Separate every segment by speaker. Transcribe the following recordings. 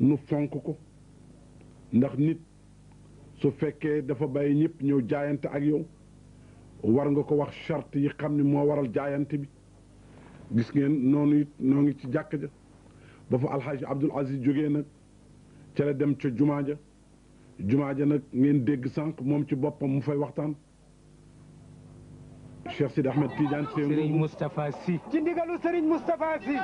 Speaker 1: nu fonk ko ndax nit su fekkee dafa bàyyi ñëpp ñëw jaayante ak yow war nga ko wax charte yi xam ne moo waral jaayante bi gis ngeen noonu it noo ngi ci jàkk ja ba fa alxaaji abdul aziz jógee nag ca la dem ca jumaa ja jumaa ja nag ngeen dégg sànq moom ci boppam mu fay waxtaan Cheikh Sidi Ahmed Tidiane Seyni Serigne Moustapha Sy ci
Speaker 2: ndigalu Serigne Moustapha Sy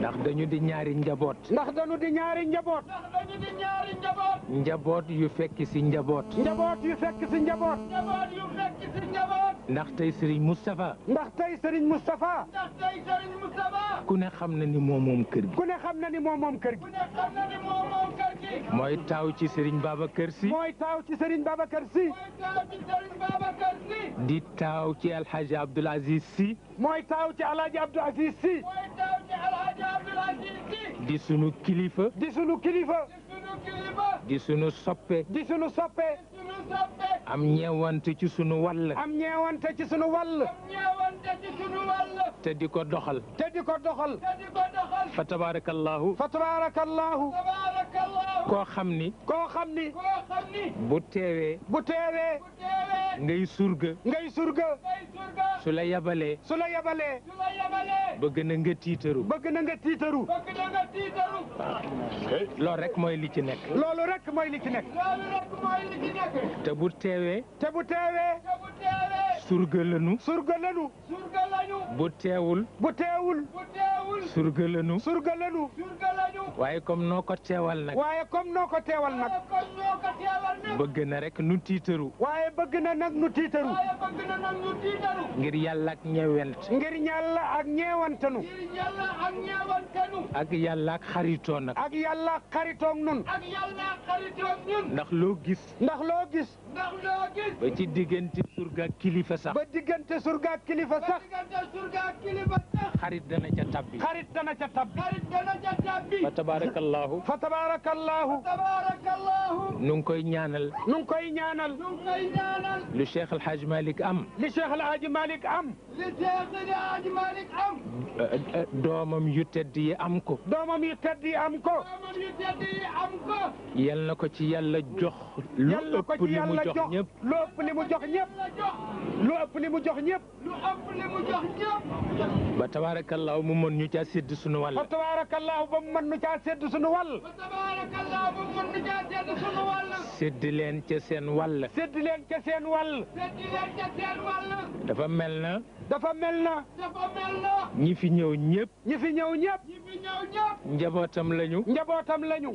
Speaker 1: ndax dañu di ñaari njaboot. ndax
Speaker 2: dañu di ñaari njaboot. ndax dañu di ñaari njaboot.
Speaker 1: njaboot yu fekk si njaboot. njaboot
Speaker 2: yu fekk si njaboot. njaboot yu fekk si njaboot.
Speaker 1: ndax tey Serigne Moustapha. ndax
Speaker 2: tey Serigne Moustapha. ndax tey Serigne
Speaker 1: Moustapha. ku ne xam na ni moom moom kër
Speaker 2: gi. ku ne xam na ni moom moom kër gi. ku ne xam na ni moom
Speaker 1: moom kër gi. mooy taaw ci Serigne Babacar Sy.
Speaker 2: mooy taaw ci Serigne Babacar Sy. mooy taaw ci Serigne Babacar Sy.
Speaker 1: di taaw ci El Hadj Abdoul Aziz Sy.
Speaker 2: mooy taaw ci El Hadj Abdoul Aziz Sy.
Speaker 1: di sunu kilifa. di sunu kilifa. di sunu soppe. di sunu soppe. am ñeewante ci sunu wàll. am ñeewante ci sunu wàll. te di ko doxal. te ko doxal. fa tabarakallahu. fa tabarakallahu.
Speaker 2: koo xam ni. xam ni.
Speaker 1: bu teewee. bu teewee. ngay surga. ngay surga. su la yabalee. su la yabalee. bëgg na nga tiitaru. bëgg na nga tiitaru. Eh, loolu rek mooy li ci nekk. loolu
Speaker 2: rek mooy li nekk.
Speaker 1: te bu teewee.
Speaker 2: te bu teewee. te bu
Speaker 1: teewee. bu
Speaker 2: teewul. bu
Speaker 1: teewul. bu teewul. surga lanu waaye comme noo ko teewal nag noo ko teewal nag bëgg na rek nu tiitaru waaye bëgg na nag nu tiitaru ngir yàlla ak ñeewent ngir yàlla ak ñeewantanu ak yàlla ak xaritoo nag ak yàlla
Speaker 2: ak xaritoog nun
Speaker 1: ndax loo gis ndax loo gis ba ci diggante surga kilifa sax ba diggante surga kilifa sax xarit dana ca tabbi xarit
Speaker 2: dana ca tabbi xarit dana ca tabbi فتبارك
Speaker 1: الله فتبارك الله
Speaker 2: فتبارك الله
Speaker 1: نونكاي نيانال
Speaker 2: نونكاي نيانال نونكاي نيانال
Speaker 1: للشيخ الحاج مالك ام
Speaker 2: للشيخ الحاج مالك ام للشيخ الحاج مالك ام
Speaker 1: دومم يوتدي امكو
Speaker 2: دومم يوتدي امكو دومم يوتدي امكو
Speaker 1: يال نكو تي يالا جوخ لو اوب لي مو جوخ نييب لو
Speaker 2: اوب لي مو جوخ نييب لو اوب لي مو جوخ نييب لو اوب لي مو جوخ نييب
Speaker 1: تبارك الله مو مون ني تي سيد سونو والا تبارك
Speaker 2: الله بام mu mën nu caa sédd sunu wàll.
Speaker 1: sédd leen ca seen wàll. sédd leen ca seen wàll. dafa mel na. dafa mel na. ñi fi ñëw ñëpp. ñi fi ñëw ñëpp. njabootam lañu. njabootam lañu.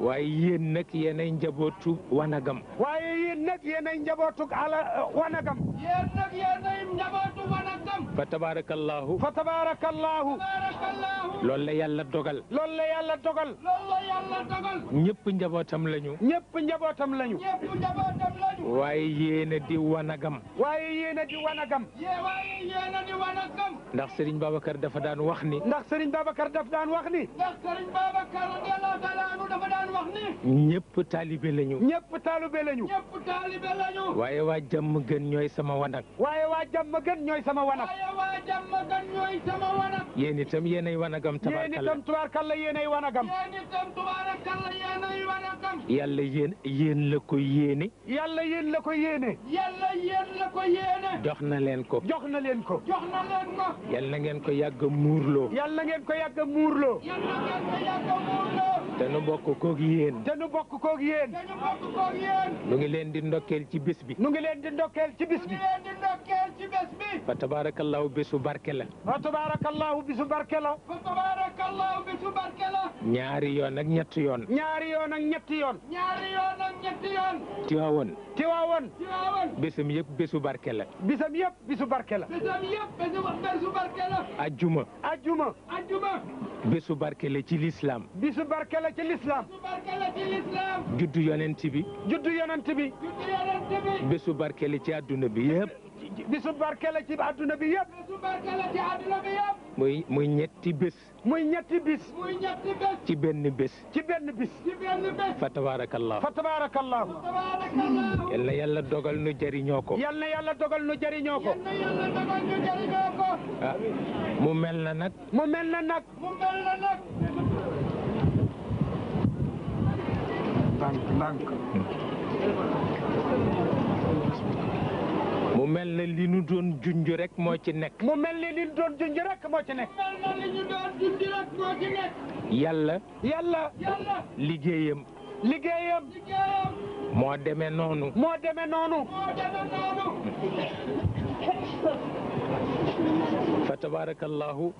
Speaker 1: waaye yéen nag yéenay njabootu wanagam.
Speaker 2: waaye yéen nag yéenay njabootu ala uh, wanagam. yéen nag yéenay njabootu wanagam.
Speaker 1: fa tabaarakallaahu. fa tabaarakallaahu. loolu la yàlla dogal.
Speaker 2: loolu la yàlla dogal.
Speaker 1: ñëpp njabootam lañu. ñëpp njabootam lañu.
Speaker 2: ñëpp njabootam lañu.
Speaker 1: waaye yéena di wanagam.
Speaker 2: waaye yéena di wanagam.
Speaker 1: ndax sëriñ Babacar dafa daan wax ni. ndax Serigne Babacar dafa
Speaker 2: daan wax ni. ndax Serigne Babacar radiyallahu taala anhu daan wax
Speaker 1: ni. ñëpp taalibe lañu. ñëpp taalibe lañu. waaye waa jàmm gën ñooy sama wanag. waaye waa jàmm gën ñooy sama wanag. yéenay wanagam tabaarkalla
Speaker 2: yéen itam tubaarkalla yéenay wanagam. yéen itam tubaarkalla yéenay wanagam.
Speaker 1: yàlla yéen yéen la ko yéene. yàlla yéen la ko yéene.
Speaker 2: yàlla yéen. yéene. jox
Speaker 1: na leen ko. jox na leen ko. jox na leen ko. yal na ngeen ko yàgg a muurloo. yal na ngeen ko yàgg a muurloo.
Speaker 2: yal na ngeen ko yàgg a muurloo.
Speaker 1: danu bokk koog yéen.
Speaker 2: danu bokk koog yéen. danu bokk koog yéen.
Speaker 1: nu ngi leen di ndokkeel ci bis bi. nu ngi leen di ndokkeel ci bis bi. nu ngi
Speaker 2: leen di ndokkeel ci bis bi.
Speaker 1: fa tabaarakallaahu bisu barke la.
Speaker 2: fa tabaarakallaahu bisu barke la. fa tabaarakallaahu bisu barke la.
Speaker 1: ñaari yoon ak ñetti yoon.
Speaker 2: ñaari yoon ak ñetti yoon. ñaari yoon ak ñetti yoon.
Speaker 1: Tiwaawoon. Tiwaawoon. Tiwaawoon. bésam yëpp barke la.
Speaker 2: bisam yëpp
Speaker 1: bisu barke ajuma ajuma bésu barke ci lislaam.
Speaker 2: bisu barke ci lislaam. bisu barke la ci lislaam.
Speaker 1: juddu yonent bi. juddu yonent bi.
Speaker 2: juddu yonent bi.
Speaker 1: bésu ci àdduna bi yëpp. bisu barke ci àdduna bi yëpp.
Speaker 2: bisu ci àdduna bi yëpp.
Speaker 1: muy ñetti bés. muy ñetti bis. ci benn bés. ci benn bis. fa tabaarakallaahu. yal na yàlla dogal nu jariñoo ko. yal na yàlla dogal nu jëriñoo
Speaker 2: ko. yal na ah, mu mel
Speaker 1: na nag. mu mel na nag. mu mel ne li ñu rek moo ci nekk. moo mel na li ñu doon junj moo ci nekk. yàlla. yàlla. yàlla. liggéeyam. liggéeyam. liggéeyam. moo noonu. moo demee noonu. fa tabaarakallaahu.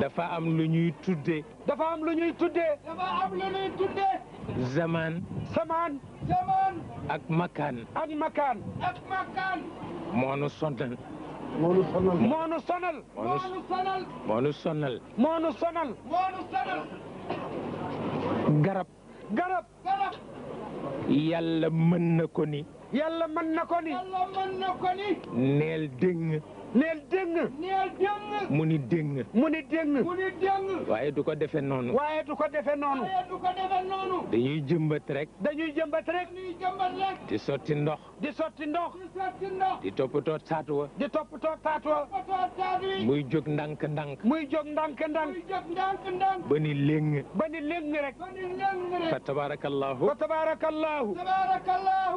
Speaker 1: dafa am lu ñuy tuddee. dafa am lu ñuy tudde zamaan.
Speaker 2: zamaan. zamaan.
Speaker 1: ak makaan.
Speaker 2: ak makaan. ak
Speaker 1: sonal. moo sonal.
Speaker 2: moo sonal. garab. garab. garab.
Speaker 1: yàlla na ko ni.
Speaker 2: yàlla mën ko ni. yàlla mën ko ni.
Speaker 1: neel dégg.
Speaker 2: neel dégg. mu ni dégg. mu ni dégg.
Speaker 1: waaye du ko defe noonu.
Speaker 2: waaye du ko defee noonu.
Speaker 1: dañuy jëmbat rek.
Speaker 2: dañuy jëmbat rek.
Speaker 1: di sotti ndox.
Speaker 2: di sotti ndox. di sotti ndox.
Speaker 1: di toppatoo taatu wa. muy jóg ndànk
Speaker 2: ndànk. muy jóg ndànk ndànk. muy ba ni léng. rek. fa
Speaker 1: tabaarakallaahu.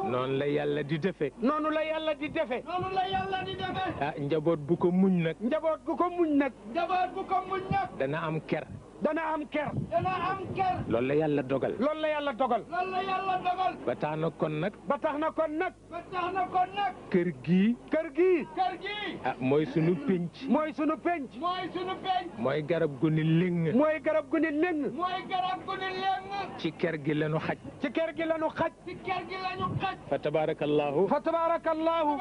Speaker 1: noonu la yàlla di defee. noonu la
Speaker 2: yàlla di defee. noonu la yàlla di defee.
Speaker 1: Ah, njaboot bu ko muñ nag. njaboot bu ko muñ nag.
Speaker 2: njaboot bu am ker. dana am ker. dana
Speaker 1: la yàlla dogal. loolu la yàlla dogal.
Speaker 2: loolu
Speaker 1: ba tax na kon nag. ba tax na kon nag. kër gii. kër
Speaker 2: gi kër
Speaker 1: ah, mooy sunu penc. mooy sunu penc. mooy garab gu ni mooy garab gu ni ci kër gi lañu xaj. ci kër gi lañu xaj.
Speaker 2: ci kër gi lañu xaj.
Speaker 1: fa tabaarakallaahu. fa tabaarakallaahu.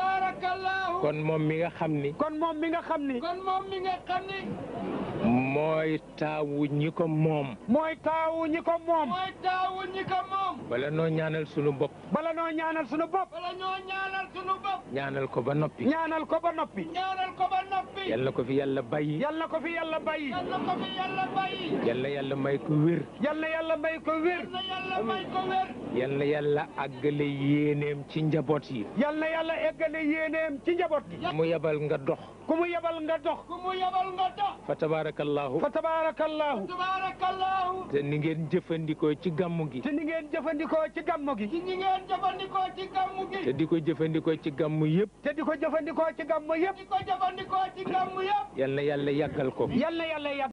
Speaker 1: kon moom mi nga xam ni. kon moom mi nga xam ni.
Speaker 2: kon moom mi nga xam ni.
Speaker 1: mooy taawu ñi ko moom. mooy taawu ñi ko moom.
Speaker 2: mooy taawu ñi ko moom.
Speaker 1: bala noo ñaanal sunu bopp. bala noo ñaanal sunu bopp.
Speaker 2: bala noo ñaanal sunu bopp.
Speaker 1: ñaanal ko ba noppi.
Speaker 2: ñaanal ko ba noppi. ñaanal ko ba noppi. yal
Speaker 1: na ko fi yàlla bàyyi. yal na
Speaker 2: ko fi yàlla bàyyi. yal na ko fi yàlla bàyyi. yal
Speaker 1: na yàlla may ko wér.
Speaker 2: yal na yàlla may ko wér. yal na yàlla may ko wér.
Speaker 1: yal na yàlla àggale yéeneem ci njaboot yi. yal na yàlla àggale yéeneem ci njaboot yi. mu yabal nga dox. ku mu yabal nga dox.
Speaker 2: ku mu yabal nga dox.
Speaker 1: fa tabaar tabarakallahu fa tabarakallahu
Speaker 2: tabarakallahu
Speaker 1: te ni ngeen jëfandikoo ci gàmmu gi te ni ngeen jëfandikoo ci gàmmu gi
Speaker 2: te ni ngeen jëfandikoo ci gàmmu gi te di
Speaker 1: ko jëfandikoo ci
Speaker 2: gàmmu yëpp te di ko jëfandikoo ci gàmmu yëpp di ko jëfandikoo ci gàmmu yëpp yal na yàlla ko yalla yalla yàlla